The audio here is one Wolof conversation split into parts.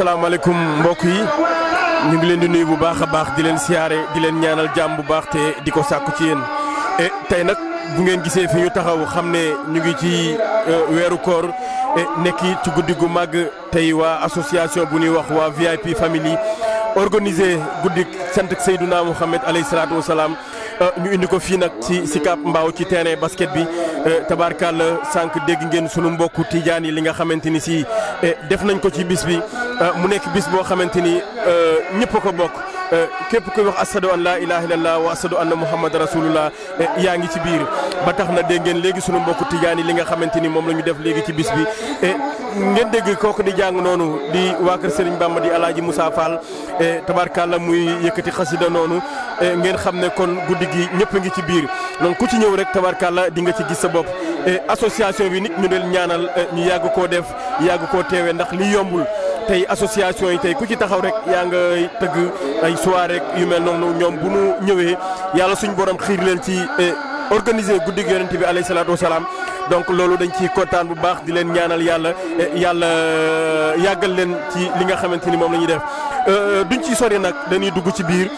asalaamaaleykum mbokk yi ñu ngi leen di nuyu bu baax a baax di leen siyaare di leen ñaanal jàmm bu baax te di ko sàkku ci yéen e, tey nag bu ngeen gisee fi ñu taxaw xam ne ñu ngi ci e, weeru koor e, nekk ci guddi gu màgg tey waa association bu ñuy wax waa VIP famille organisé guddi sant Seydouna Mouhamed alayhi salaatu wa salaam ñu indi ko fii nag ci si Cap Mbao ci terrain basket bi euh, tabarkàlla sànq dégg ngeen sunu mbokku tijaan yi li nga xamante ni si euh, def nañ ko ci bis bi euh, mu nekk bis boo xamante ni ñëpp a ko bokk. képp kuy wax asadu an laa ilaha illallah wa asadu anna muhammad rasulullah yaa ngi ci biir ba tax na dégg ngeen léegi sunu mbokku tijaan yi li nga xamante ni moom la ñu def léegi ci bis bi. ngeen dégg kooku di jàng noonu di waa kër Serigne Bamba di alaaji Moussa Fall e, tabarkàlla muy yëkkati xasida noonu e, ngeen xam ne kon guddi gi ñëpp ngi ci biir donc ku ci ñëw rek tabarkàlla di nga ci gis sa bopp e, association bi nit ñu del ñaanal ñu yàgg koo def yàgg koo teewe ndax li yombul tey association yi tey ku ci taxaw rek yaa nga tëgg ay soirée rek yu mel noonu ñoom bu ñu ñëwee yàlla suñ borom xiir leen ci organiser guddi gi yonent bi alayhi salaatu donc loolu dañu ciy kontaan bu baax di leen ñaanal yàlla yàlla euh, yàggal leen ci li nga xamante ni moom la ñuy def euh, euh, duñ ciy sori nag dañuy dugg ci biir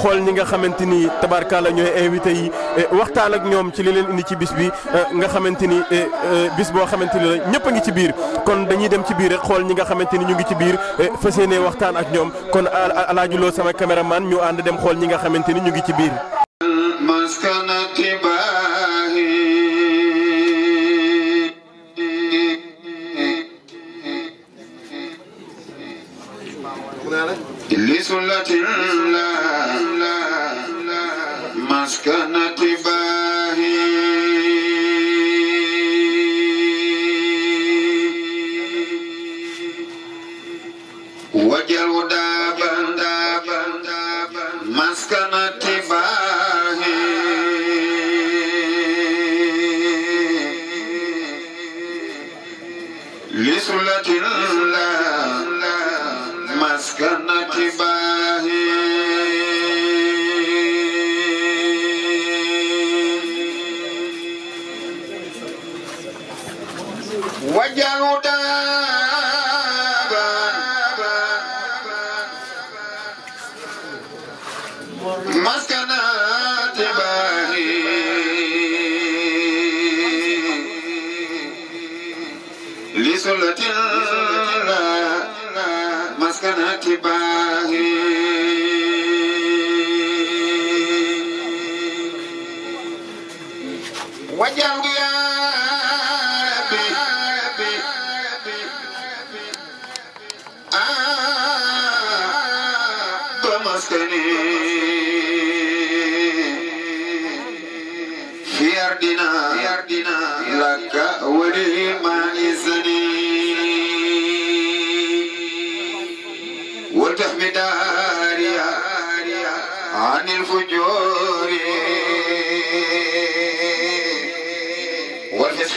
xool ñi nga xamante ni tabarkaala ñooy invité yi waxtaan ak ñoom ci li leen indi ci bis bi nga xamante ni bis boo xamante ni la ñëpp a ngi ci biir kon dañuy dem ci biir rek xool ñi nga xamante ni ñu ngi ci biir fas yéene waxtaan ak ñoom kon alaajuloo sama caméraman ñu ànd dem xool ñi nga xamante ni ñu ngi ci biir. بسنة الله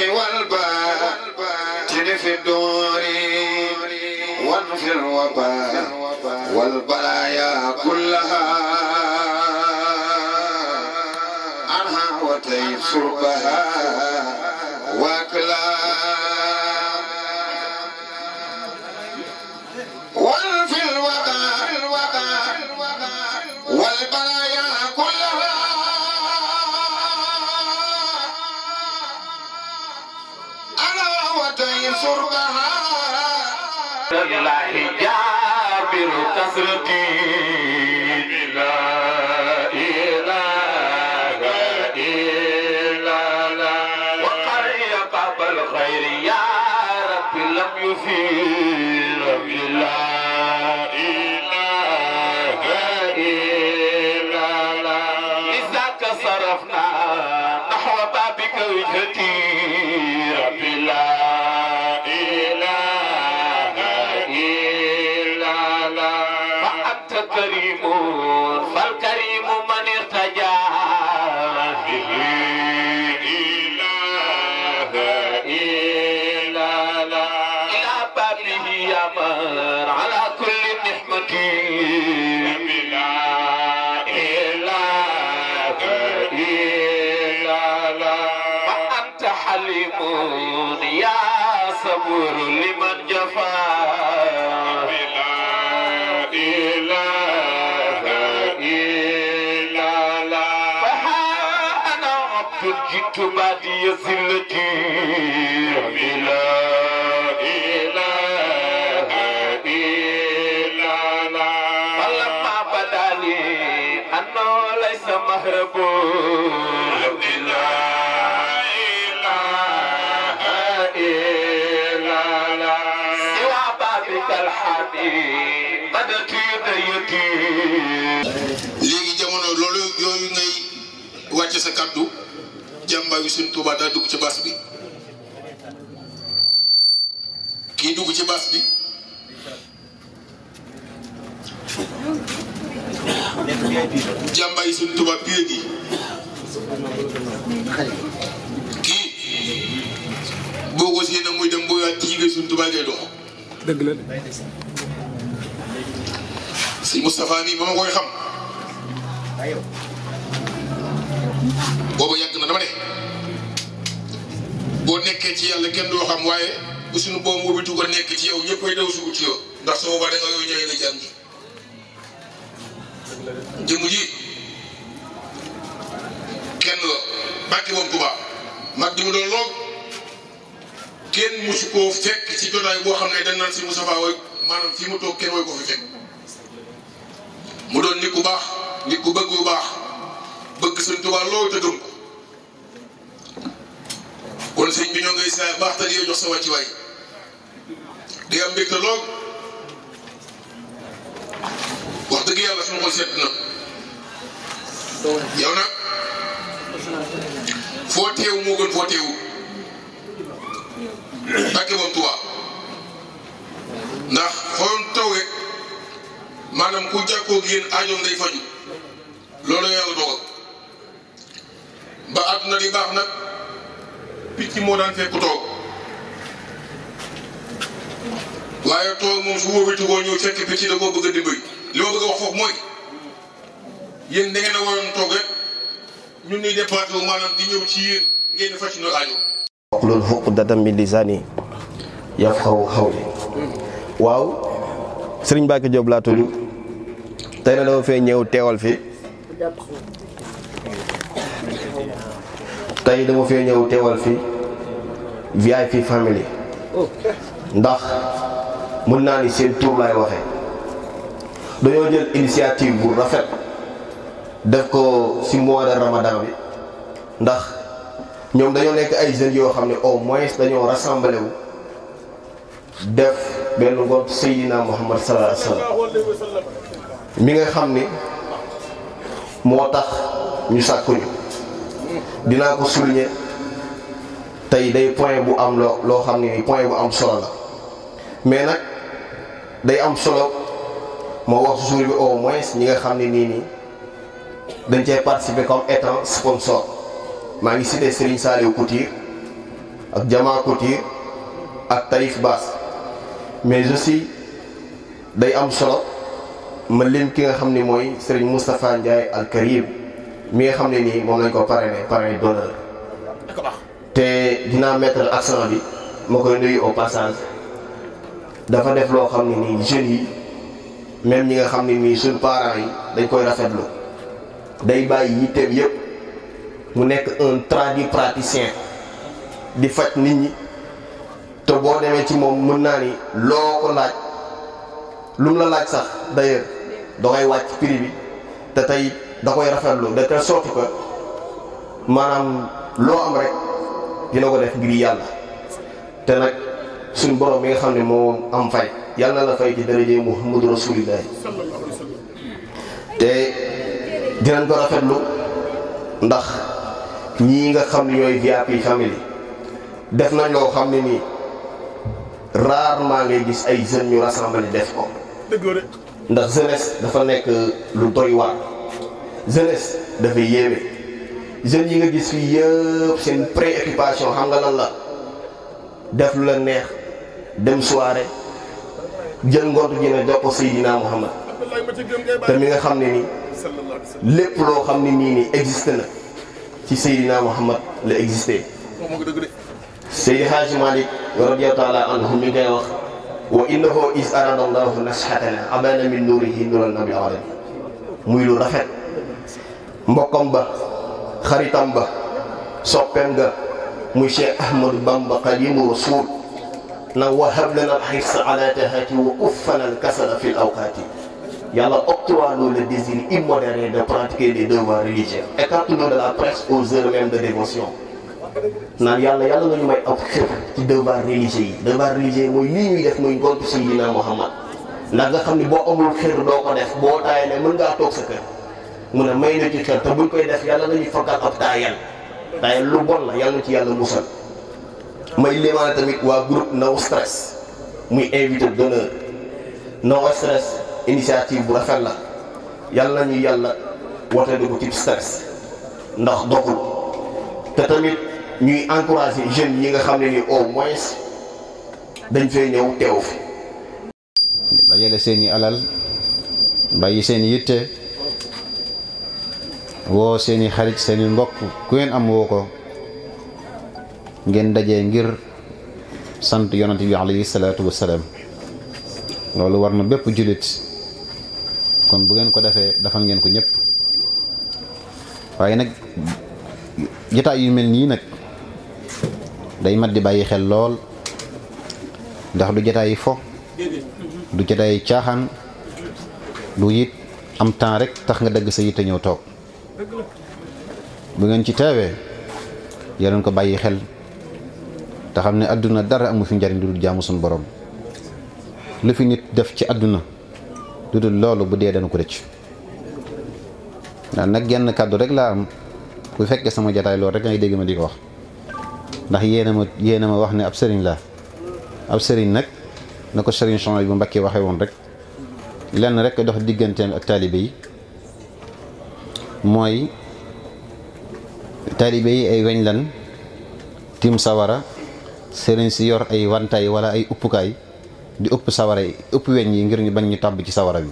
العشق والباء تلف الدور وانفي الوباء والبلايا كلها عنها وتيسر بها واكلها شربها لله جابر كسرتي لا إله إلا لا وقري باب الخير يا رب لم يثير بلا إله إلا لا إذاك صرفنا نحو بابك وجهتي رب الله مؤمنون léegi jamono loolu yooyu ngay wàcce sa kàddu wi sun Touba da dug ci baas bi ki dug ci baas bi wi sun Touba pie gi ki bogo ko na muy dem ya yaa ge sun Touba ge do deug la si mustafa ni ba koy xam. boobu yàgg na dama ne boo nekkee ci yàlla kenn doo xam waaye bu suñu boobu boobu tu ko nekk ci yow ñëppay daw sugu ci yow ndax su boobaa da nga yow ñëwee la jàng jëmm ji kenn la bàkki moom Tuubaa mag di mu doon loog kenn musu koo fekk ci jotaay boo xam ne dañ naan si Moustapha way maanaam fi mu toog kenn way ko fi fekk mu doon nit ku baax nit ku bëgg bu baax bëgg sëñ kon sëñ bi ñoo ngay saa baax te di jox sa wàccuwaay di am mbégte lool wax dëgg yàlla sunu xol sedd na yow nag foo teew moo gën foo teewu tàkke bam Tuubaa ndax foo tawee maanaam ku jàkkoog yéen aajoom day faju loolu yàlla dogal ba àdduna di baax nag picc moo daan fekk toog waaye toog moom su wóobitu koo ñëw fekk picc da koo bëgg a dimbali li ma bëgg a wax foofu mooy yéen da ngeen a waroon toog rek ñun ñuy départé wu maanaam di ñëw ci yéen ngeen di fàcc ñoo aajo. waxlul uqdatan min lisaani laa tudd tey na dama fee ñëw teewal fi tey dama fee ñëw teewal fi VIP family ndax mën naa ni seen tur laay waxe dañoo jël initiative bu rafet def ko si mois ramadan bi ndax ñoom dañoo nekk ay jeunes yoo xam ne au moins dañoo rassemblé wu def benn ngont Seydina Muhammad sallallahu alayhi wasallam mi nga xam ni moo tax ñu sàkkuñu dinaa ko souligner tey day point bu am loo loo xam ne ni point bu am solo la mais nag day am solo moo wax suur bi au moins ñi nga xam ne nii nii dañ cee participer comme étant sponsor maa ngi cité Serigne Saliou Couture ak Jama Couture ak Taïf Bass mais aussi day am solo ma lim ki nga xam ni mooy Serigne Moustapha Ndiaye Al Karim mi nga xam ne nii moom lañ ko parrainé parrainé d'honneur te dinaa mettre accent bi ma koy nuyu au dafa def loo xam ne nii jeunes yi même mi nga xam ne nii suñu parents yi dañ koy rafetlu day bàyyi yitteem yëpp mu nekk un tradipraticien di faj nit ñi te boo demee ci moom mën naa ni loo ko laaj lu mu la laaj sax d'ailleurs da ngay wàcc prix bi te tey. da koy rafetlu de telle sorte que maanaam loo am rek dina ko def ngir yàlla te nag suñ borom bi nga xam ne moo am fay yàlla na la fay ci daraje Muhammadu Rasulillah te dinañ ko rafetlu ndax ñii nga xam ne yooyu ñooy VIP famille def nañ loo xam ne nii rarement ngay gis ay jeunes ñu rassemblé def ko ndax jeunesse dafa nekk lu doy waar jeunesse dafay yéeme yi nga gis fii yëpp seen préoccupation xam nga lan la def lu la neex dem soirée jën ngootu ji ne jox ko Seydina Muhammad te mi nga xam ne ni lépp loo xam ne nii nii existe na ci Seydina Muhammad la existé Seydi Hadji Malick radiyallahu taala anhu mi ngay wax wa innahu is arada allahu nashatana abana min nuurihi nuuran nabi adam muy lu rafet mbokkam ba xaritam ba soppeem ga muy Cheikh Ahmadou Bamba Xadimu Rasul na wahab lana alxirsa ala tahaati wa kuffana alkasala fi l awqaati yàlla octroie-nous le désir immodéré de pratiquer les devoirs religieux écarte-nous de la presse aux heures de dévotion naan yàlla yàlla nga ñu may ab xër ci devoir religieux yi devoir religieux mooy lii ñuy def muy ngont Seydina Muhammad ndax nga xam ne boo amul xër doo ko def boo taayee ne mën ngaa toog sa mu ne may na ci xel te buñ koy def yàlla nañu fakkat ab taayal taayal lu bon la yàlla na ci yàlla musal may limaale tamit waa groupe no stress muy invité d'honneur no stress initiative bu rafet la yàlla nañu yàlla wote di ko ci stress ndax doxul te tamit ñuy encouragé jeunes yi nga xam ne ni au moins dañ fee ñëw teew fi dajale seen i alal bàyyi seen yitte wo seni xarit seni mbokk ku ngeen am woko ko ngeen dajee ngir sant yonnati bi alayhi salatu wassalam lolou war na julit kon bu ngeen ko defé dafa ngeen ko ñëpp waye nak jota yu mel ni nak day mat di bayyi xel lol ndax du yi fo du yi caaxaan du yit am temps rek tax nga deug sa yitte ñew tok bu ngeen ci teewee yéen ko bàyyi xel te xam ne àdduna dara amu fi njariñ lu dul jaamu suñu borom lu fi nit def ci àdduna lu dul loolu bu dee dana ko rëcc ndax nag genn kàddu rek laa am ku fekkee sama jataay loolu rek ngay dégg ma di ko wax ndax yéena ma yéena ma wax ne ab sëriñ laa ab sëriñ nag na ko sëriñ Sonal bu mbakki waxee woon rek lenn rek dox digganteem ak taalibe yi mooy talibe yi ay weñ lan tiim sawara sëriñ si yor ay wantaay wala ay uppukaay di ëpp sawara yi ëpp weñ yi ngir ñu bañ ñu tàbb ci sawara bi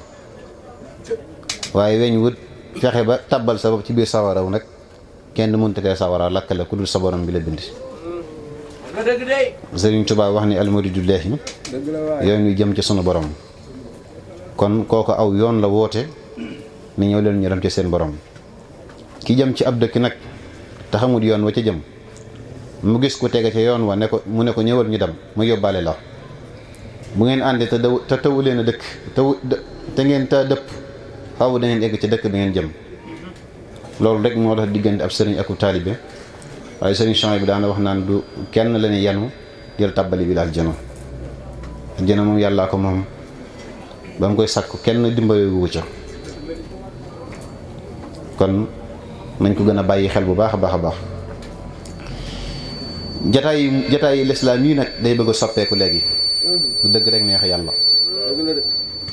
waaye weñ wut fexe ba tàbbal sa bopp ci biir sawara wu nag kenn mënta kay sawara lakkale ku dul sa borom bi la bind sëriñ Tuubaa wax ni almuridullahi yoon wi jëm ci sunu borom kon kooku aw yoon la woote ni ñëw leen ñu dem ci seen borom ki jëm ci ab dëkk nak te xamul yoon wa ca jëm mu gis ko tege ca yoon wa ne ko mu ne ko ñëwal ñu dem mu yobale la bu ngeen ande ta ta te tawu leen a dëkk taw ngeen ta depp faawu da ngeen egg ci dëkk bi ngeen jëm loolu rek moo tax diggante ab sëriñ ak talibé waaye sëriñ chan bi daana wax naan du kenn la ne yanu jël tàbbali bi daal jëno jëno moom yàllaa ko moom ba mu koy sakku kenn dimbalewu kon nañ ko gën a bàyyi xel bu baax a baax a baax jataay jataay lislaam yi nag day bëgg a soppeeku léegi du mhm. dëgg rek neex yàlla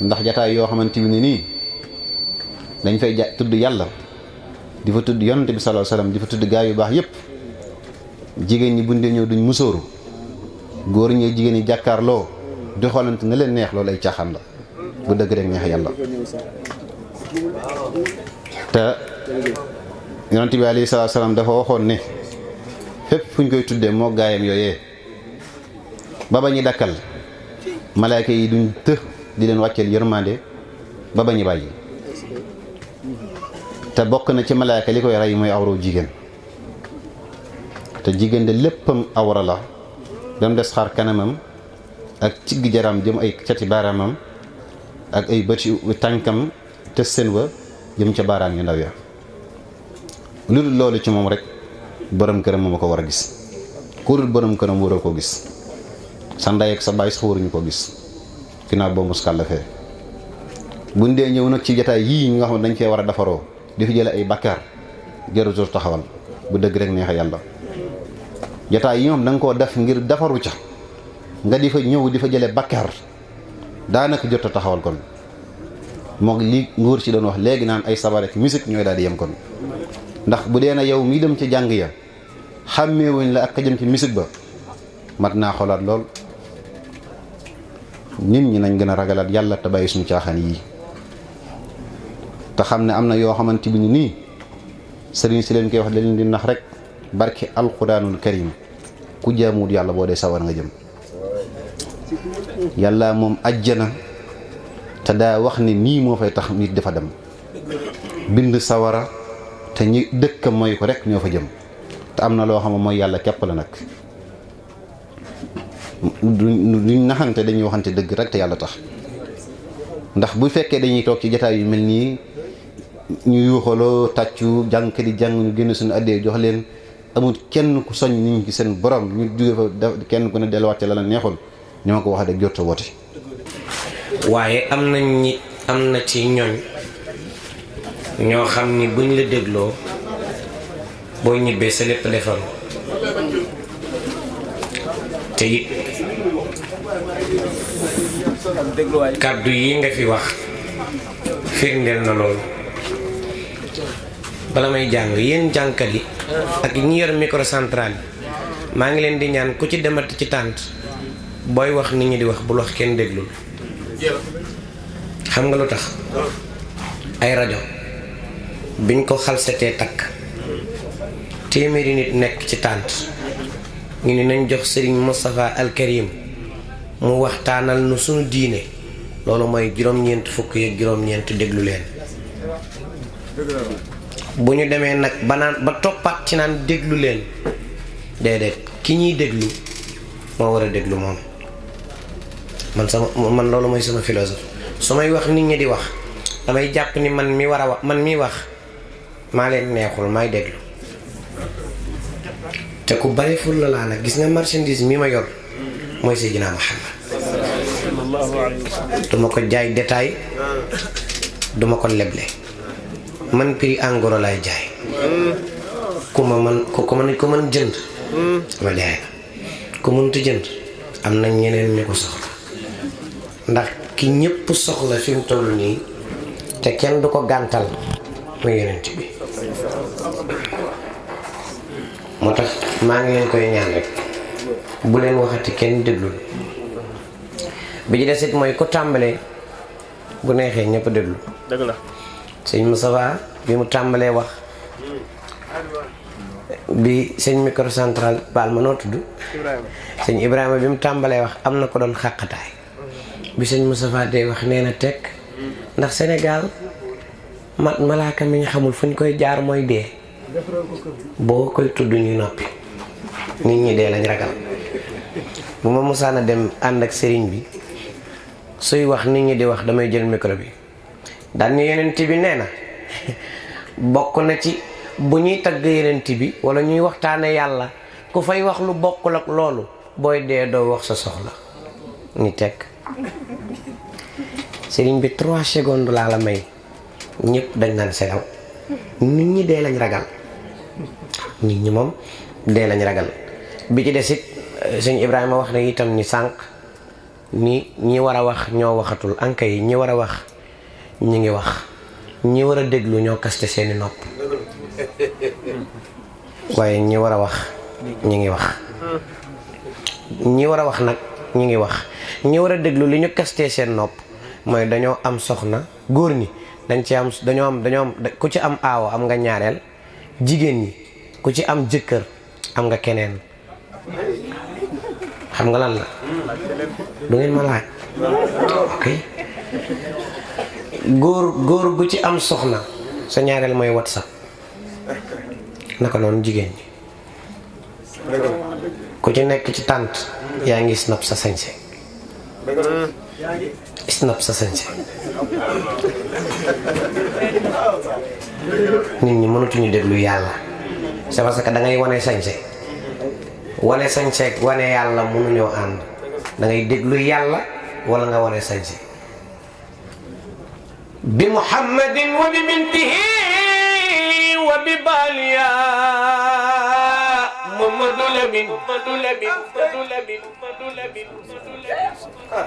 ndax jataay yoo xamante ni nii dañ fay ja tudd yàlla di fa tudd yonante bi sallallahu alayhi wasallam di fa tudd gaay yu baax yépp jigéen ñi buñ dee ñëw duñ musóoru góor ñi jigéen ñi jàkkaarloo di xoolante na leen neex loolu ay caaxaan la bu dëgg rek neex yàlla te yonante bi alayhi salaatu salaam dafa waxoon ne fépp fu ñu koy tuddee moo gaayam yooyee ba ba ñu dakkal malaaka yi duñ të di leen wàcceel yërmande ba ba ñu bàyyi te bokk na ci malaaka li koy rey mooy awraw jigéen te jigéen de léppam awra la dem des xaar kanamam ak cigg jaram jëm ay cati baaraamam ak ay bëti tànkam te seen wa jëm ca baaraam yu ndaw ya lu dul loolu ci moom rek borom këram moom ko war a gis ku dul borom këram waroo koo gis sa ndey ak sa baay sax waruñu ko gis ginnaaw boo mos kàllafee buñ dee ñëw nag ci jataay yii ñi ne dañ cee war a defaroo di fi jële ay bakkaar jërutul taxawal bu dëgg rek neexe jataay yi moom da ko def ngir defaru ca nga di fa ñëw di fa jële bakkaar daanaka jot a taxawal kon moog li nguur ci doon wax léegi naan ay sabar ak musique ñooy daal di yem kon ndax bu dee na yow mii dem ci jàng ya xàmmewuñ la ak ka jëm ci misik ba mat naa xoolaat lool nit ñi nañ gën a ragalaat yàlla te bàyyi suñu caaxaan yii te xam ne am na yoo xamante bi ni nii sëriñ si leen koy wax da di nax rek barki alquranul karim ku jaamuwut yàlla boo dee sawar nga jëm yàlla moom ajjana te daa wax ne nii moo fay tax nit dafa dem bind sawara te ñi dëkk mooy ko rek ñoo fa jëm te am na loo xam ne mooy yàlla képp la nag duñ naxante dañuy waxante dëgg rek te yàlla tax ndax bu fekkee dañuy toog ci jataay yu mel nii ñu yuuxaloo tàccu jàng di jàng ñu génn suñu addee jox leen amut kenn ku soñ niñ ci seen borom ñu jóge fa kenn ku ne delluwaat ci la la neexul ñoo ko wax de jot a woote waaye am na ñi am na ci ñoñ ñoo xam ni buñ la dégloo boo ñibbee sa lépp lefam te it kàddu yi nga fi wax firndeel na loolu bala may jàng yéen jànkat yi ak ñi yor microcentral yi maa ngi leen di ñaan ku ci demati ci tànt booy wax nit ñi di wax bul wax kenn déglul xam nga lu ay rajo biñ ko xalsetee takk téeméeri nit nekk ci tànt ñu ne nañ jox sëriñ Moustapha Al Karim mu waxtaanal nu suñu diine loolu mooy juróom déglu leen bu ñu demee nag ba naan ba toppaat ci naan déglu leen déedéet ki ñuy déglu moo war a déglu moom man sama man loolu mooy sama philosophe su may wax nit ñi di wax damay jàpp ni man mi war a man mi wax maa leen neexul may déglu te ku bare fulla gis na marchandise mi ma yor mooy Seydina Muhammad duma ko jaay détail duma ko leble man prix en lay laay jaay ku ma man ku man jënd ma jaay la ku mënta jënd am na ñeneen ñu ko soxla ndax ki ñëpp soxla fi mu nii te kenn du ko gàntal muy yonent bi moo tax maa ngi leen koy ñaan rek bu leen waxati kenn déglul bi ci des it mooy ku tàmbalee bu neexee ñëpp déglu. dëgg la sëñ Moustapha bi mu tàmbalee wax bi sëñ micro central baal ma noo tudd. sëñ Ibrahima bi mu tàmbalee wax am na ko doon xàqataay bi sëñ Moustapha day wax nee na mm. ndax Sénégal. ma mi ñu xamul fu ñu koy jaar mooy dee boo koy tudd ñu noppi nit ñi dee lañ ragal bu ma musaana dem ànd ak sëriñ bi suy wax nit ñi di wax damay jël micro bi daan ñu yonent bi nee na bokk na ci bu ñuy tagg yonent bi wala ñuy waxtaane yàlla ku fay wax lu bokkul ak loolu booy dee doo wax sa soxla ni teg sëriñ bi trois secondes laa la may ñepp dañ nan selaw nit ñi dé lañ ragal nit ñi mom dé lañ ragal bi ci des it sëñ Ibrahima wax na itam ni sank ni ñi wara wax ño waxatul anka ñi wara wax ñi ngi wax ñi wara déglu ño kaste seeni nopp waye ñi wara wax ñi ngi wax ñi wara wax nak ñi ngi wax ñi wara déglu li ñu kasté seen nopp moy dañoo am soxna goor ni dañ ci am dañoo am dañoo am ku ci am aawo am nga ñaareel jigéen ñi ku ci am jëkkër am nga keneen xam nga lan la du ngeen ma laaj góor góor gu ci am soxna sa ñaareel mooy whatsapp naka noonu jigéen ñi ku ci nekk ci tànt yaa ngi snap sa sañse mm. snap sa sañse ni nit ñi ñu déglu yàlla c'est parce que da ngay wone sañ sé wone sañ sé ak yalla mënu ñu and da ngay déglu yalla wala nga wone sañ sé bi muhammadin wa bi bintihi wa bi baliya muhammadu lamin muhammadu lamin muhammadu lamin muhammadu lamin ah.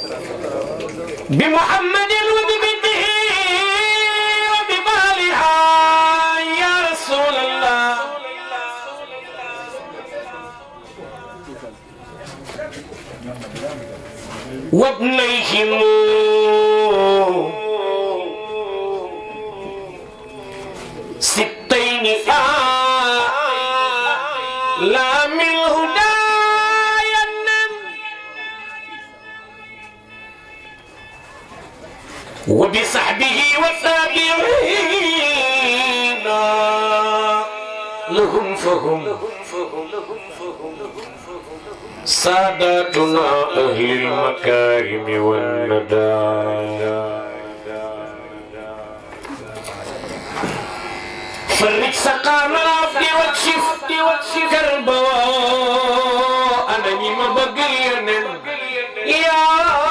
بمحمد وببنته وببالها يا رسول الله وابنيهم ستين آه لا من هدى وصحبه والتابعين لهم فهم ساداتنا أهل المكارم والندى فرج سقام في واكشف كربواء أنا ما بقي يا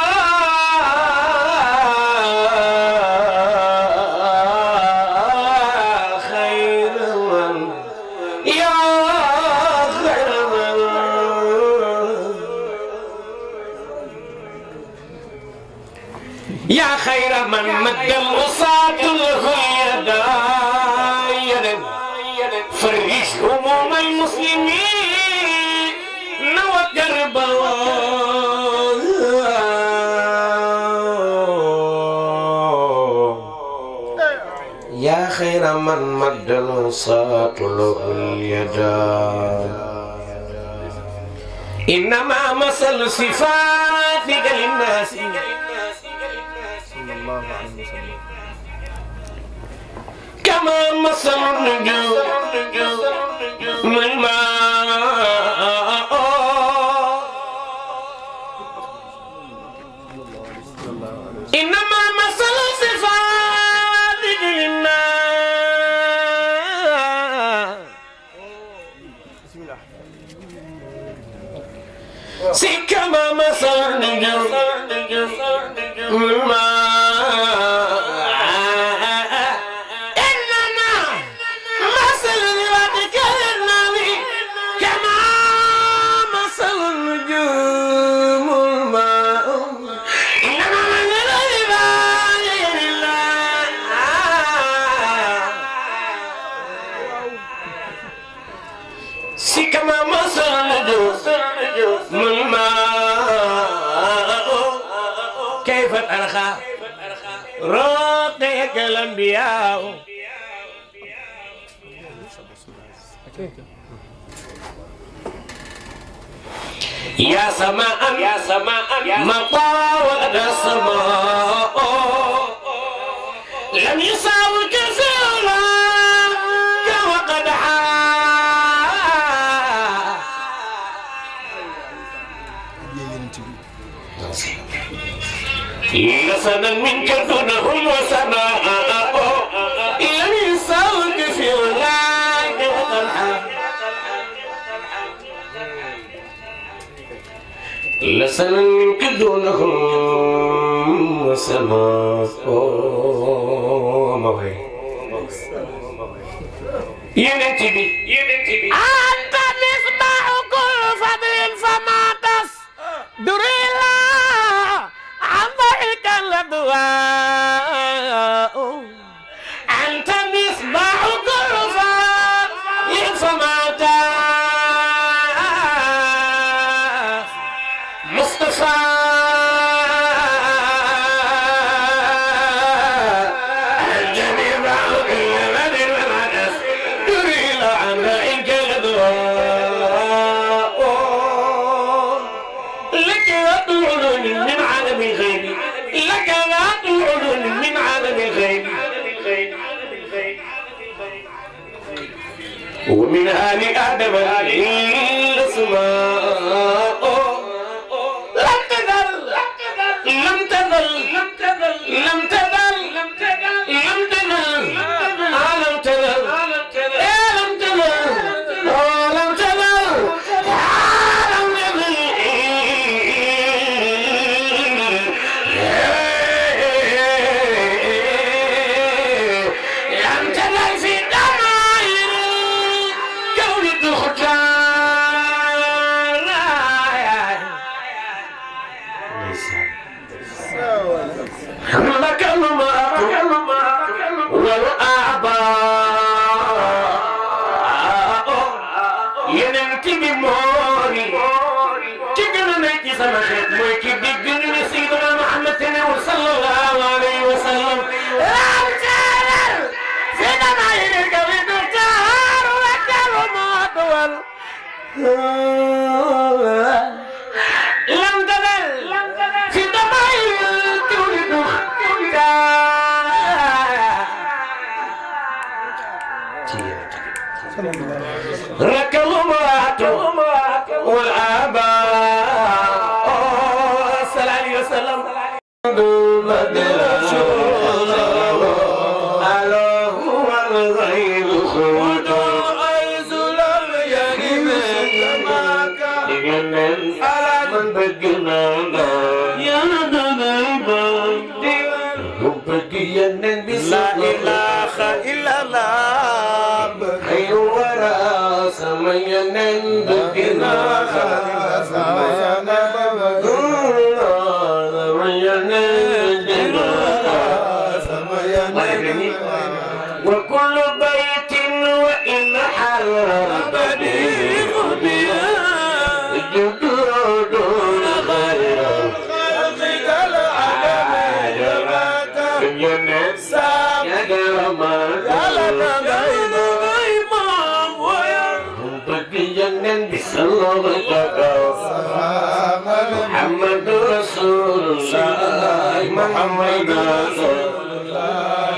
فرج هموم المسلمين وقرب يا خير من مد الوساط له اليدان إنما مثل صفاتك للناس السماء مثل النجوم والماء إنما مثل الصفات للناس سكما مثل النجوم أوفياء يا سماء يا سماء ما طاول السماء لم يساوك سولا وقد حا لسنا منك دونهم وسماء سلام قدو انكم وسلامكم بھائی بکسر بھائی Raka وكل بيت وإن حرم بديع بها جدود غير خلق العالم يا نساء يا جمال محمد رسول الله محمد رسول الله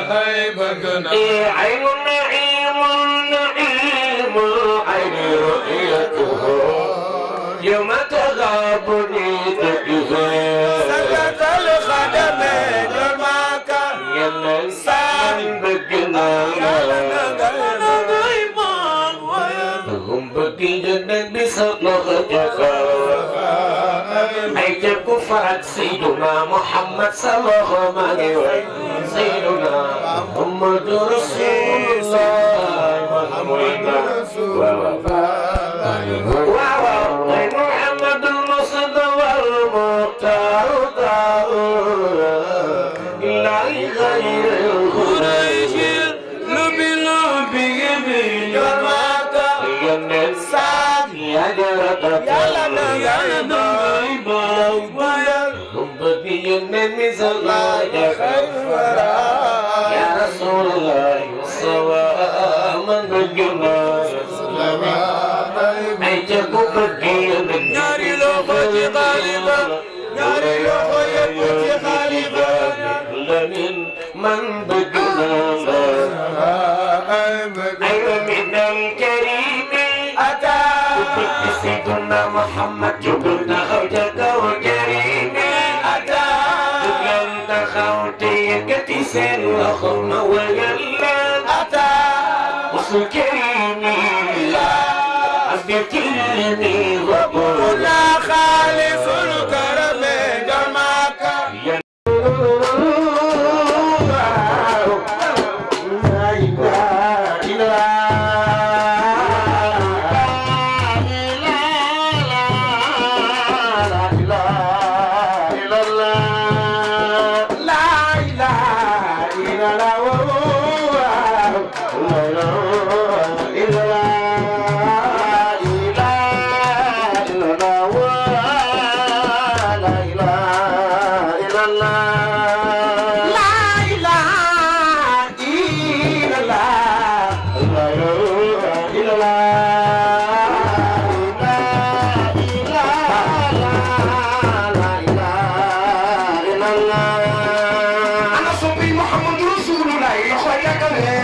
إيه عين النعيم النعيم عين رؤيته يوم تغابني تكفي سكت الخدم الماكا يا الانسان بجنانه yonent bi sallallahu alayhi wa sallam ay jëkk farat sayyiduna Muhammad sallallahu alayhi wa sallam sayyiduna Muhammad rasulullah Muhammad rasulullah النبي صلى الله عليه يا رسول الله والصوام من الجمال سيدنا محمد جبرنا حسين وخرنا ويا الليل أتى وصل كريمي لا أبي كلمي وقولا خالص الكرم Yeah.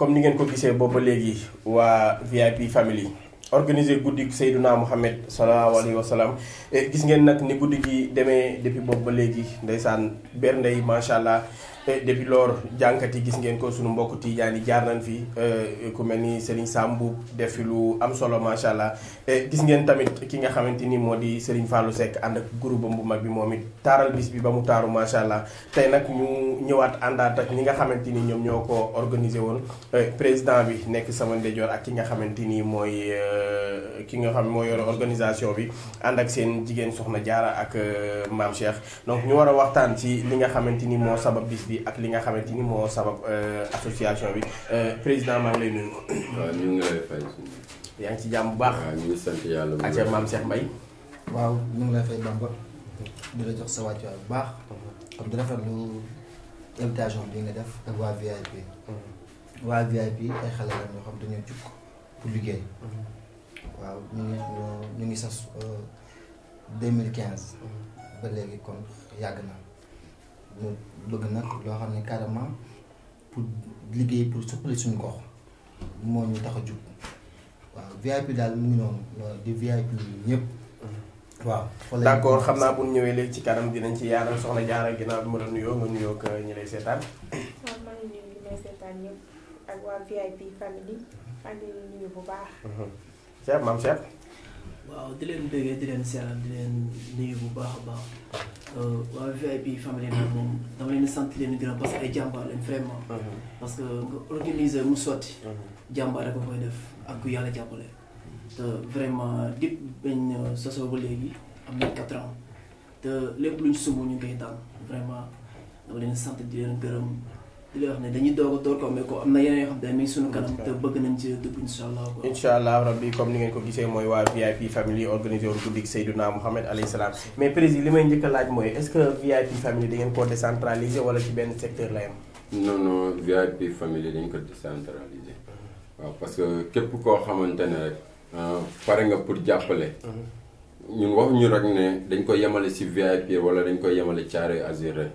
comme ni ngeen ko gisee booba léegi waa VIP family organisé guddi Seydouna Mouhamed sallallahu alayhi wa salaam eh, gis ngeen nag ni guddi gi demee depuis boobu ba léegi ndeysaan berndey macha allah te depuis lors jànkat yi gis ngeen ko sunu mbokku tiijaan yi jaar nañ fii euh, ku mel ni Serigne Sambou def fi lu am solo macha allah gis ngeen tamit ki nga xamante ni moo di Serigne Fallou Seck ànd ak groupe bu mag bi moom it taaral bis bi ba mu taaru macha allah tey nag ñu ñëwaat àndaat ñi nga xamante ni ñoom ñoo ko organisé woon euh, président bi nekk sama ndeyjoor ki nga xamante ni mooy euh, ki nga xam moo yor organisation bi ànd ak seen jigéen soxna Diarra ak maam Cheikh donc ñu war a waxtaan si li nga xamante ni moo sabab bis di ak li nga xamante ni moo sabab euh, association bi euh, président maa ngi lay nuyu. waaw ñu ngi lay fay. yaa ngi ci jàmm bu baax. waaw ñu ngi sant yàlla bu baax ak maam Cheikh Mbaye. waaw ñu ngi lay fay Bamba di la jox sa wàccuwaay bu baax. kon mm-hmm. di rafetlu invitation bi nga def ak waa VIP. Mm-hmm. waa VIP ay xale la ñoo xam dañoo jukk pour liggéey. Mm-hmm. waaw ñu ngi ñu ngi sas 2015. Euh, ba léegi kon yàgg na. bëgg nag loo xam ne carrément pour liggéey pour suqali suñ gox moo ñu tax a jug waaw VIP daal mu ngi noonu di VIP ñëpp. Mm-hmm. waaw d' accord xam naa bu ñu ñëwee léegi ci kanam dinañ ci yaatal soxna Diarra ginnaaw bi ma la nuyoo nga nuyoo ko ñu lay seetaan. waaw maa ngi nuyu lay seetaan ñëpp ak waa VIP family mm-hmm. maa nuyu bu baax. Mm-hmm. Cheikh maam Cheikh. waaw di leen déggee di leen seeral di leen nuyu bu baax a baax euh, waa VIP famille bi moom dama leen sant leen gërëm parce que ay jàmbaar lañ vraiment. Mhm. parce que nga organiser mu sotti. Mhm. jàmbaar rek ko koy def ak ku yàlla jàppale. te vraiment dip bañ euh, sosoo ba léegi am na quatre ans te lépp luñ sumb ñu ngi koy vraiment dama leen sant di leen gërëm. di la wax ne dañuy doog door ko mais ko am na yeneen yoo xam ne mi sunu kanam te bëgg nañ ci dugg incha allah. rabbi comme ni ngeen ko gisee mooy waa VIP family organisé woon guddik Seydouna Mouhamed alayhi salaam mais président li may njëkk a laaj mooy est que VIP family da ngeen koo décentralisé wala ci benn secteur la yem. non non VIP family dañ ko décentralisé waaw parce que képp koo xamante ne rek euh, pare nga pour jàppale. Mhm. ñun waxuñu rek ne dañ koy yemale si VIP wala dañ ko yemale Thiaroye Azur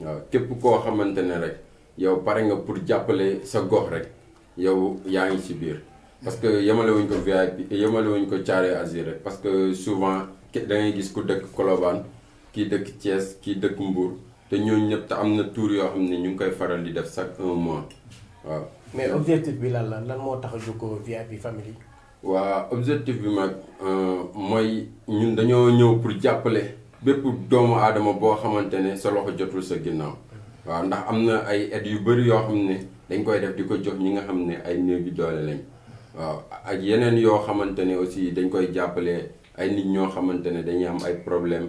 waaw képp koo xamante ne rek. yow pare nga pour jàppale sa gox rek yow yaa ngi ci biir parce que yemale wuñ ko VIP yemale wuñ ko caaree Azur rek parce que souvent da ngay gis ku dëkk Colobane kii dëkk Thiès kii dëkk Mbour te ñu ñëpp te am na tour yoo xam ne ñu ngi koy faral di def chaque un mois waaw. mais objectif bi lan la lan moo tax a jóg VIP family. waa objectif bi mag euh, mooy ñun dañoo ñëw pour jàppale bépp doomu aadama boo xamante ne sa loxo jotul sa ginnaaw. waaw ndax am na ay aide yu bëri yoo xam ne dañ koy def di ko jox ñi nga xam ne ay néew bi doole lañ waaw ak yeneen yoo xamante ne aussi dañ koy jàppale ay nit ñoo xamante ne dañuy am ay problème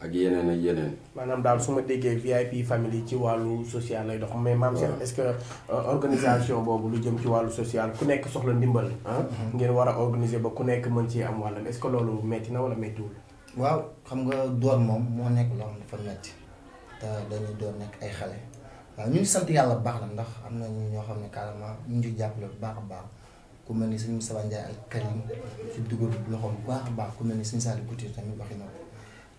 ak yeneen ak yeneen. maanaam daal su ma déggee VIP famille ci wàllu social lay dox. mais maam Cheikh est-ce que euh, organisation boobu lu jëm ci wàllu sociale ku nekk soxla ndimbal. Ah, mhm. ngeen war a organiser ba ku nekk mën ci am wàllam est-ce que loolu metti na wala méttiwul. waaw xam nga door moo nekk loo xam ne te dañuy doon nekk ay xale waaw ñu ngi sant yàlla bu baax la ndax am na ñu ñoo xam ne carrément ñu ngi jàppale bu baax a baax ku mel ni suñu Moustapha Ndiaye ak Karim ci dugal loxoom bu baax a baax ku mel ni suñu Saliou Couture tamit waxi na ko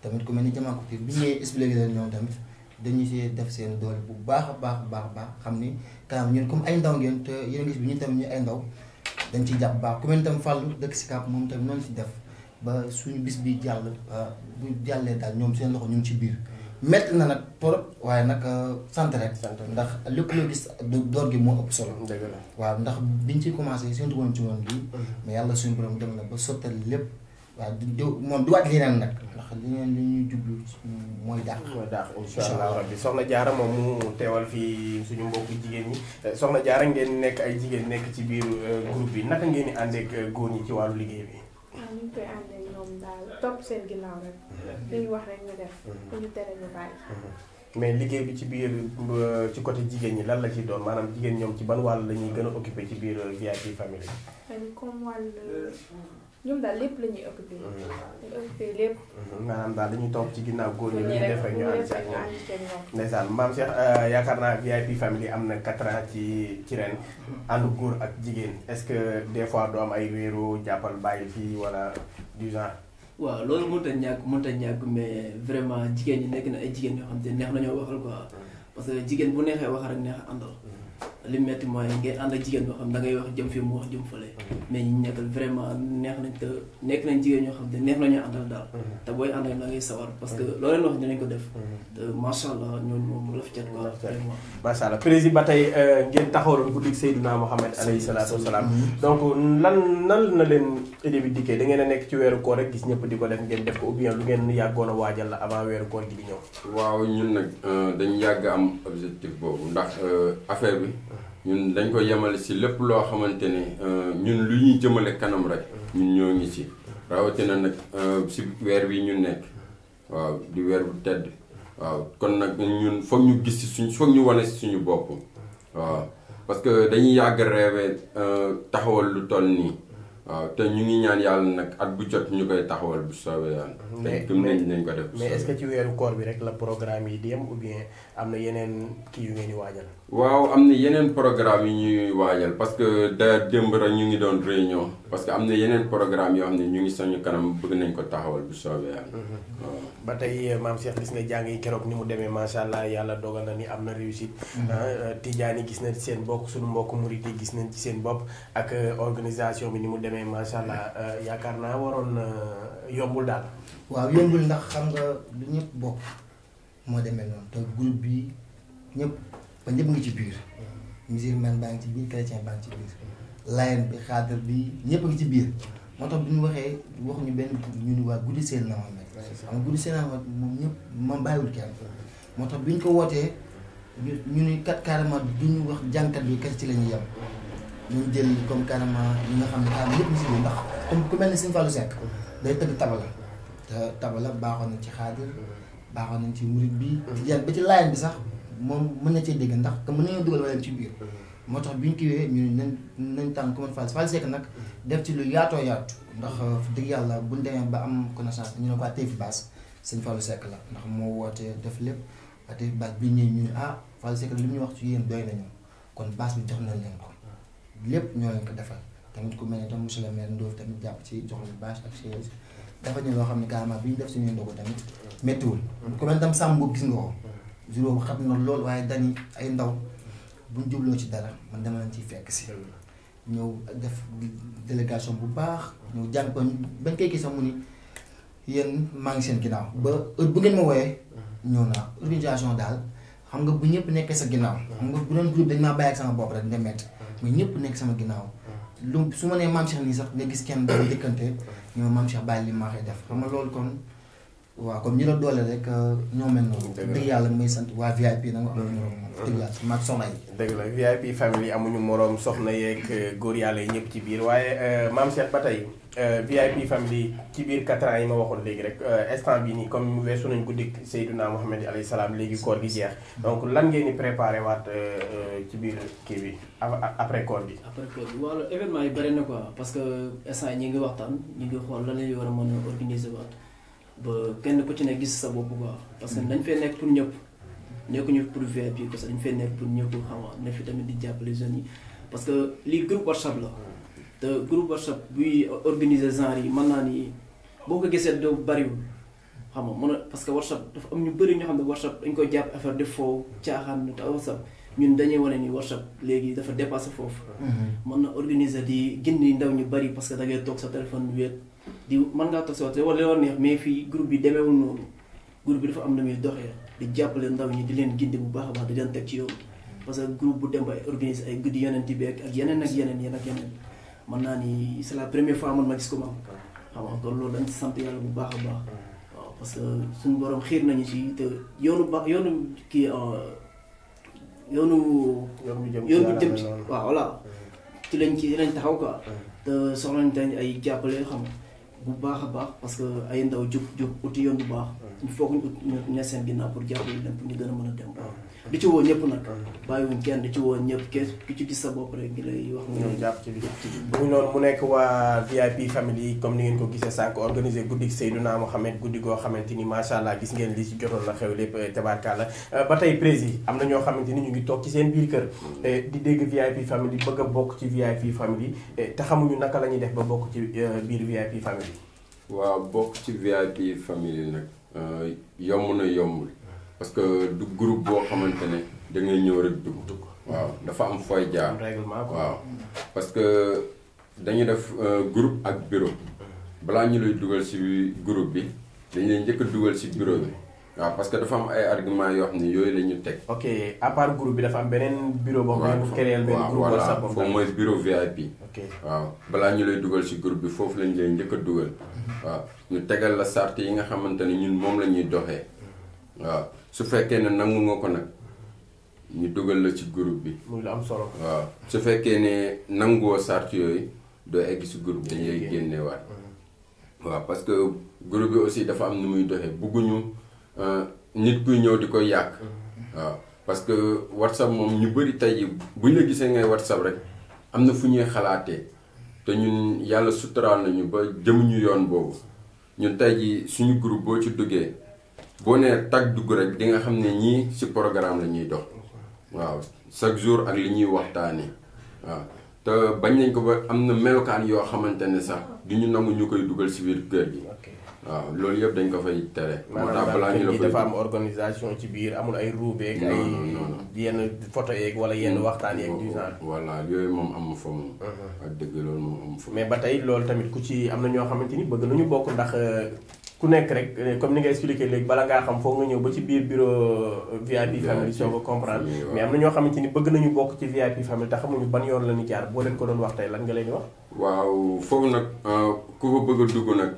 tamit ku mel ni Jamaa Couture bi ñuy expliqué leen ñoom tamit dañuy see def seen doole bu baax a baax baax baax xam ni kanam ñun comme ay ndaw ngeen te yéen gis bi ñu tamit ñu ay ndaw dañ ci jàpp baax ku mel ni tam Fallou dëkk si Kaap moom tamit noonu si def ba suñu bis bi jàll euh, bu jàllee daal ñoom seen loxo ñu ngi ci biir mett na nag trop waaye nag euh, sant rek. sant ndax lépp loo gis door gi moo ëpp solo. la waaw ndax biñ ci commencé séntu woon ci woon bi mhm. mais yàlla suñu borom dem na ba sottal lépp. waaw di moom du waat leneen nag ndax leneen li ñuy jublu mooy dàq mooy dàq incha allah rabbi soxna jaara moom mu teewal fii suñu mbokku jigéen ñi soxna jaara ngeen nekk ay jigéen nekk ci biir euh, groupe bi naka ngeen di ànd ak euh, góor ñi ci wàllu liggéey bi ñu ngi koy ànd ak ñoom daal topp seen ginnaaw rek. Mm-hmm. li ñu wax rek ñu def. ku mm-hmm. ñu tere ñu bàyyi. Mm-hmm. mais liggéey bi ci biir euh, ci côté jigéen ñi lan la ciy doon maanaam jigéen ñoom ci ban wàll la ñuy gën a occupé ci biir euh, VIP famille yi. comme wàll euh, ñoom daal lépp la ñuy occupé. Mm-hmm. dañuy occupé lépp. Mm-hmm. maanaam daal dañuy toog ci ginnaaw góor ñi. ñu def rek ñu ànd ci ak ñoom ndeysaan maam Cheikh euh, yaakaar naa VIP family am na 4 ans ci ci ren. ànd góor ak jigéen est-ce que des fois doo am ay wéeru jàppal bàyyi fii wala du genre. waaw loolu mënut a ñàkk mënut a ñàkk mais vraiment jigéen ñi nekk na ay jigéen yoo xam te neex nañoo waxal quoi. Mm-hmm. parce que jigéen bu neexee wax rek neex àndal. li metti mooy ngay ànd ak jigéen ñoo xam da ngay wax jëm fii mu wax jëm fële. mais ñi neex nañ te nekk nañ jigéen ñoo xam te neex nañu àndal daal. Mm-hmm. te booy àndal da ngay sawar parce que loo leen wax dinañ ko def. Mm-hmm. te macha allah ñooñu moom la fi cat quoi vraiment. macha ba tey euh, ngeen taxawaloon guddi Seydina Mohamed alayhi salaatu wasalaam. donc lan nan na leen idée bi dikkee da ngeen nekk ci weeru koor rek gis ñëpp di ko def ngeen def ko ou bien lu ngeen yàggoon a waajal la avant weeru koor gi di ñëw. waaw ñun nag euh, dañu yàgg am objectif boobu ndax euh, affaire bi ñun dañ ko yemale si lépp loo xamante ne euh, ñun lu ñuy jëmale kanam rek ñun ñoo ngi si rawatina nag si euh, weer wi ñu nekk waaw di weer bu tedd waaw kon nag ñun foog ñu gis si suñ foog ñu wane suñu bopp waaw parce que dañuy yàgg reewee euh, taxawal lu toll nii waaw te ñu ngi ñaan yàlla nag at bu jot ñu koy taxawal bu soobee yàlla. mais nañ ko def mais est-ce que ci weeru koor bi rek la programme yi dem ou bien am na yeneen kii yu ngeen di waajal. waaw am na yeneen programme yi ñuy waajal parce que da démb ñu ngi doon réunion parce que am na yeneen programme yoo am na ñu ngi sañu kanam bëgg nañ ko taxawal bu soobee yàlla. Mhm. ba tey euh, maam Cheikh gis nga jàng yi keroog ni mu demee macha allah yàlla dogal na ni am na réussite. Mhm. Ah, euh, tijaan yi gis nañ seen bokk suñu mbokk murit yi gis nañ ci seen bopp ak euh, organisation bi ni mu demee macha allah yaakaar naa waroon yombul daal. waaw yombul ndax xam nga du bokk moo demee bi ba ñëpp ngi ci biir musulman baa ngi ci biir chrétien baa ngi ci biir layen bi xaadir bi ñëpp ngi ci biir moo tax bu ñu waxee waxuñu benn ñu ni waa guddi seen na moom xam nga guddi seen na moom moom ñëpp moom bàyyiwul kenn moo tax bi ñu ko wootee ñu ni kat carrément duñu wax jànkat bi kese ci la ñuy yem ñu jël comme carrément ñi nga xam ne carrément ah ñëpp musulman ndax comme ku mel ni Sëñ Fallou Seck day tëgg tabala te tabala baaxoon na ci xaadir baaxoon nañ ci murit bi tijaan ci layen bi sax moom mën na cee dégg ndax que mën nañoo dugal wayam ci biir mm. moo tax bi ñu kiiwee ñu ne nañ nañ tànn ku mën Fally nag mm. def ci lu yaatoo yaatu ndax dëgg yàlla bu ñu ba am connaissance dañu ne ko tey fi baas sëñ la ndax moo woote def lépp tey fi bi ñëwee ñu ne ah Fally Seck wax ci yéen doy nañu kon baas bi jox nañ leen mm. lépp ñoo leen ko defal tamit ku mel ne tam tamit jàpp ci jox leen bâche ak chaise xam ne carrément bi ñu def suñuy ndogu tamit méttiwul ku mel ne tam sàmm boobu gis nga ko juróom xam na lool waaye dañi ay ndaw bu jubloo ci dara man dama ci fekk si ñëw def délégation bu baax ñëw jàng ko bañ koy gis sax mu ni yéen maa ngi seen ginnaaw ba heure bu ngeen ma wooyee ñëw naa organisation daal xam nga bu ñëpp nekkee sa ginnaaw xam nga bu doon groupe dañ maa bàyyi ak sama bopp rek nga métti mais ñëpp nekk sama ginnaaw lu su ma nee maam Cheikh nii sax nga gis kenn dafa dëkkante ñu ma maam Cheikh bàyyi li ma waxee def xam nga loolu waaw comme ñi la doole rek euh, ñoo noonu. dëgg yàlla may sant waa VIP nag amuñu moroom. dëgg la mm-hmm. maag soxna yi. dëgg la VIP famille amuñu moroom soxna yeeg euh, góor yàlla yi ñëpp ci biir waaye euh, maam Cheikh ba tey VIP famille ci biir 4 yi ma waxoon léegi rek instant bii nii comme weesu nañ guddi Seydina Mohamed alayhi salaam léegi koor gi jeex. Mm-hmm. donc lan ngeen di préparé waat ci biir kii bi après koor bi. après koor bi waaw événement yi bëri na quoi parce que instant ñi ngi waxtaan a mën a ba kenn ku ci ne gis sa bopp quoi. parce que dañ mm-hmm. fee nekk pour ñëpp. nekkuñu pour VIP parce que dañ fee nekk pour ñëpp xam nga fi tamit di jàppale jeunes yi parce que lii groupe WhatsApp la. te groupe WhatsApp buy organiser genre yi mën naa ni boo ko gisee doo bariwul xam nga mën parce que WhatsApp dafa am ñu bëri ñoo xam ne WhatsApp dañ koy jàpp affaire de foofu caaxaan te WhatsApp ñun dañuy wane ni WhatsApp léegi dafa dépassé foofu. Mm-hmm. mën na organiser di gindi ndaw ñu bari parce que da toog sa téléphone wéet. di man nga tase waat wala won neex mais fi groupe bi wu noonu groupe bi dafa am dañuy doxé di jappalé ndaw ñi di leen gindi bu baax baax di leen tek ci yoon parce que groupe bu dem ba organiser ay guddi yeneen ti beeg ak yenen ak yenen yenen ak yenen man na ni c'est la première fois man ma gis ko ma xam nga lolu loolu dañ ci sante yalla bu baax baax parce que suñu borom xir nañ ci te yoonu ba yoonu ki euh, yoonu yoonu jëm ci waaw wala mm. ci lañ ci lañ taxaw quoi mm. te soxlañ nañ ay jappalé xam nga bu baax a baax parce que ay ndaw jóg jóg uti yoon bu baax. foog ñu ut ñu ne seen ginnaaw pour jàppale leen pour ñu gën a mën a dem. di ci woo ñëpp nag kenn di ci woo ñëpp ki ci gis sa bopp rek ngi lay wax ñoom jàpp ci bi bu noonu mu nekk waa VIP family comme ni ngeen ko gisee sànq organisé guddik Seydouna Mohamed guddi goo xamante ni macha allah gis ngeen li ci jotoon la xew lépp tabarkàlla ba tey prési am na ñoo xamante ni ñu ngi toog ci seen biir kër di dégg VIP family bëgg a bokk ci VIP family eh, te xamuñu naka la ñuy def ba bokk ci eh, biir VIP family waaw bokk ci VIP family nag eh, yomb na yombul parce que du groupe bo xamantene da ngay ñëw rek dug waaw dafa am foy jaar waaw parce que dañu def euh, groupe ak bureau bala ñu lay duggal si groupe bi dañ lay njëkk a ci si bureau bi waaw parce que dafa am ay argument yo xamni yoy lañu tek ok à part groupe bi dafa am benen bureau bo xamni bu groupe wala foofu moy bureau VIP. ok waaw bala ñu lay duggal si groupe bi fofu lañ lay njëkk a mhm. waaw ñu tegal la charte yi nga xamanteni ñun mom lañuy doxé waaw. su fekkee ne nangu nga ko nag ñu dugal la ci group bi. muy lu am solo. waaw su fekkee ne nanguwoo sart yooyu doo egg si groupe bi. dañuy génneewaat. Mm-hmm. waaw parce que groupe bi aussi dafa am nu muy doxee bugguñu euh, nit kuy ñëw di koy yàq. Mm-hmm. waaw parce que whatsapp moom ñu bëri tey buñ la gisee ngay whatsapp rek am na fu ñuy xalaatee te ñun yàlla suturaal nañu ba jëmuñu yoon boobu ñu tey suñu groupe boo ci duggee. boo nee tag dugg rek di nga xam ne ñii ci programme la ñuy dox waaw chaque jour ak li ñuy waxtaanee waaw te bañ nañ ko ba am na melokaan yoo xamante ne sax du ñu namu ñu koy dugal ci biir kër gi. waaw loolu yëpp dañ ko fay tere. moo tax balaa ñu la koy dafa am organisation ci biir amul ay ruubeeg. ay yenn foto yeeg wala yenn mm. waxtaan yeeg. du genre voilà yooyu moom amu fa moom. Mm-hmm. ak dëgg loolu moom amu fa. mais ba tey loolu tamit ku ci am na ñoo xamante ni bëgg nañu bokk ndax. Euh, ku nekk rek eh, comme ni nga expliqué léegi bala ngaa xam foog nga ñëw ba ci biir bureau eh, VIP famille soo ko comprendre mais am na ñoo xamante ni bëgg nañu bokk ci VIP famille te xamuñu ban yoon la ñu jaar boo leen ko doon wax tey lan nga leen di wax waaw foofu nag ah, ku fa bëgg a dugg nag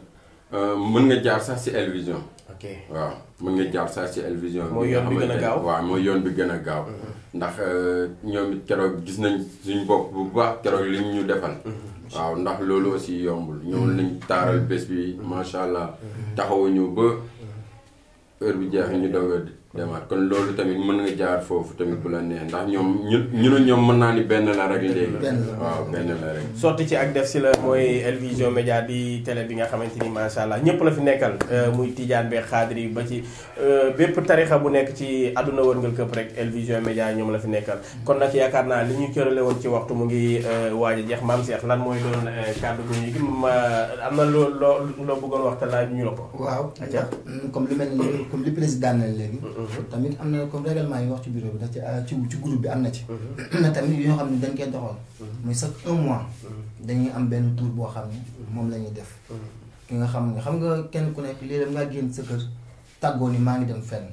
ah, mën nga jaar sax si Elvision ok waaw mën nga jaar sax si Elvision mooy yoon bi gën a gaaw waaw mooy yoon bi gën a gaaw mm-hmm. ndax eh, ñoom it keroog gis nañ suñ bokk bu baax keroog li ñu defal mm-hmm. waaw ndax loolu aussi yombul ñëwoon nañ taaral bés bi macha allah mm-hmm. taxawuñu ba heure bi jeexee ñu daw weddi demaat kon loolu tamit mën nga jaar foofu tamit bu la neex ndax ñoom ñu ñun ñoom mën naa ni benn la rek léegi. benn la rek. sotti ci ak def si la mooy Elvision Média di télé bi nga xamante ni macha allah ñëpp la fi nekkal euh, muy Tijaan be xaadir yi ba ci euh, bépp tarixa bu nekk ci àdduna wërngal këpp rek Elvision Média ñoom la fi nekkal. kon nag yaakaar naa li ñu cërale woon ci waxtu mu ngi euh, waaj a jeex maam Cheikh lan mooy doon kàddu gu ñu ma am na loo loo loo bëggoon waxtaan laaj ñu la Mhm. tamit am na comme règlement yi wax ci bureau bi daf ah, ci ci groupe bi am na ci. Mhm. na tamit yoo xam ne dañ koy doxal. Mhm. muy chaque un mois. dañuy am benn tour boo xam ne moom la ñuy def. ki nga xam nga xam nga kenn ku nekk léeg-léeg ngaa génn sa kër ni maa ngi dem fenn.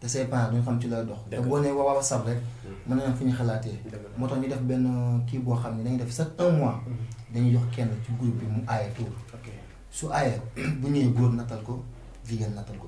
te say parents duñ xam ci looy dox. boo nee waa WhatsApp rek. mën fu ñu xalaatee. moo tax ñu def benn kii boo xam ne dañuy def chaque un mois. dañuy jox kenn ci groupe bi mu aaye tour su aaye bu ñëwee góor nattal ko jigéen nattal ko.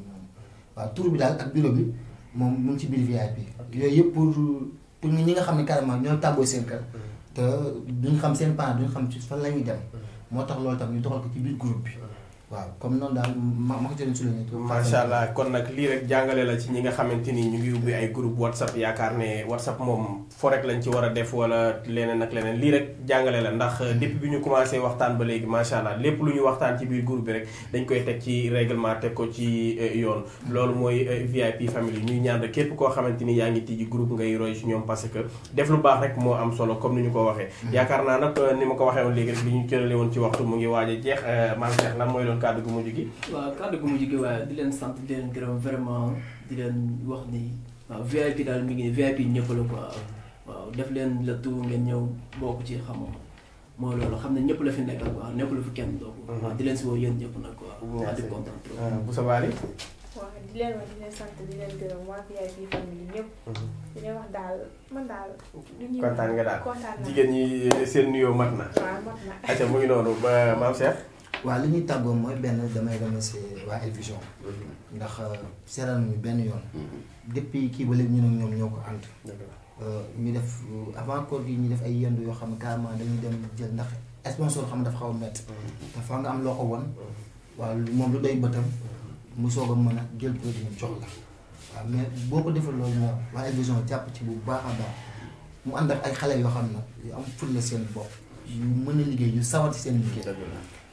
waaw tur bi dal ak bureau bi mom mu ci biir VIP. yooyu yëpp pour pour ñi nga xamni ne carrément ñoo tàggoo seen kër. Mm. te duñ xam seen parent duñ xam ci fan lañuy dem. Mm. moo tax loolu tam ñu doxal ko ci biir groupe bi. Mm. waaw comme noonu daal ma ma ko jëlee ci lañu macha allah kon nag lii rek jàngale la ci ñi nga xamante ni ñu ngi ubbi ay groupe whatsapp yaakaar ne whatsapp moom fo lañ ci war a def wala leneen ak leneen lii rek jàngale la ndax depuis bi ñu commencé waxtaan ba léegi macha allah lépp lu ñu waxtaan ci biir groupe bi rek dañ koy teg ci règlement teg ko ci euh, yoon loolu mooy euh, VIP family ñuy ñaan rek képp koo xamante ni yaa ngi tijji groupe ngay roy ci ñoom parce que def lu baax rek moo am solo comme ni ñu ko waxee mm. yaakaar naa nag euh, ni ma ko waxee woon léegi rek li ñu cërale woon ci waxtu mu ngi waaj a jeex lan mooy doon kàddu gu mujj gi. waaw kàddu gu mujj gi waaye di leen sant di leen gërëm vraiment di leen wax ni waaw VIP daal mi ngi VIP ñëpp la quoi la tout ngeen ñëw bokk ci xam mooy loolu xam ne ñëpp la fi nekkal quoi nekkul fi kenn doog. Mhm. Ah, waaw di mu ngi noonu ba maam Cheikh. waaw li ñuy tàggoo mooy benn damay remercier waa El ndax euh, seeral ñu benn yoon mm-hmm. depuis kii ba léegi ñu ne ñoom ñoo ko ànd euh, ñu def euh, avant koor gi ñu def ay yendu yoo xam ne carrément dañuy dem jël ndax sponsor xam ne dafa xaw a métti mm-hmm. dafa nga am loo ko won mm-hmm. waaw moom lu doy bëtam mu soog mën a jël produit am jox la waa mais boo ko defal loolu moom waa El jàpp ci bu baax a baax mu ànd ak ay xale yoo xam ne yu am fulla seen bopp yu mën a liggéey yu sawar ci seen liggéey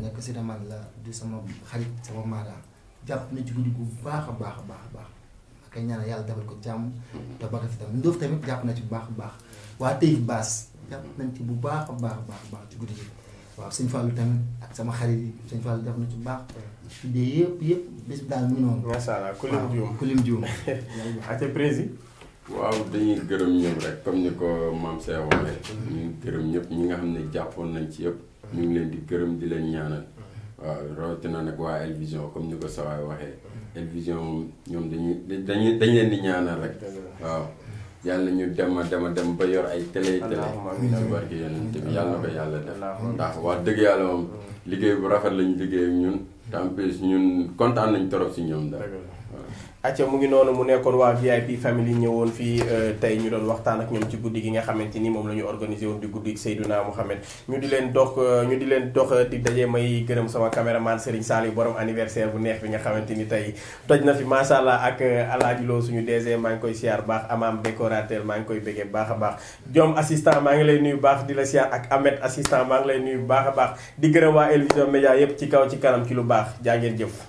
nekk si demal la di sama xarit sama mara japp na ci gu baakha baakha baakha a baax ak ñaanal yalla defal ko jamm ta barke fi tam ndof tamit japp na ci baakha baax wa teyf bass japp baas nañ ci bu baakha baakha baakha baax ci gudi wa seigne sëñ Fallou tamit ak sama xarit seigne sëñ Fallou def na ci bu baax de yep yep bis dal daal non ma sha allah kulim djum kulim djum lim juum ate ya, prési waaw dañuy gërëm ñëpp rek comme ni ko maam Seex waxee eh. ñu gërëm ñëpp ñi nga xam ne jàppoon nañ ci yëpp ñu ngi leen di gërëm di leen ñaanal. waaw rawatina nag waa El Vision comme ni ko sawaay waxee. El ñoom dañuy dañuy dañ leen di ñaanal rek. waaw yàlla ñu dem a dem a dem ba yor ay télé télé. ci barke yonent bi yàlla na ko yàlla def. ndax wax dëgg yàlla moom. liggéey bu rafet lañu liggéey ñun. te en plus ñun kontaan nañ trop si ñoom daal. acca mu ngi noonu mu nekkoon waa VIP family ñëwoon fii euh, tey ñu doon waxtaan ak ñoom ci guddi gi nga xamante ni moom la ñu organisé woon di guddi Seydouna Mohamed ñu di leen dox euh, ñu di leen dox euh, di daje may gërëm sama caméraman Serigne Saliou borom anniversaire bu neex bi nga xamante ni tey toj na fi macha allah ak Alaaji suñu DG maa ngi koy siyaar baax amaam décorateur maa ngi koy bëggee baax a baax Diom assistant maa ngi lay nuyu baax di la siyaar ak Ahmed assistant maa ngi lay nuyu baax a baax di gërëm waa El Vision Média ci kaw ci kanam ci baax jaa ngeen jëf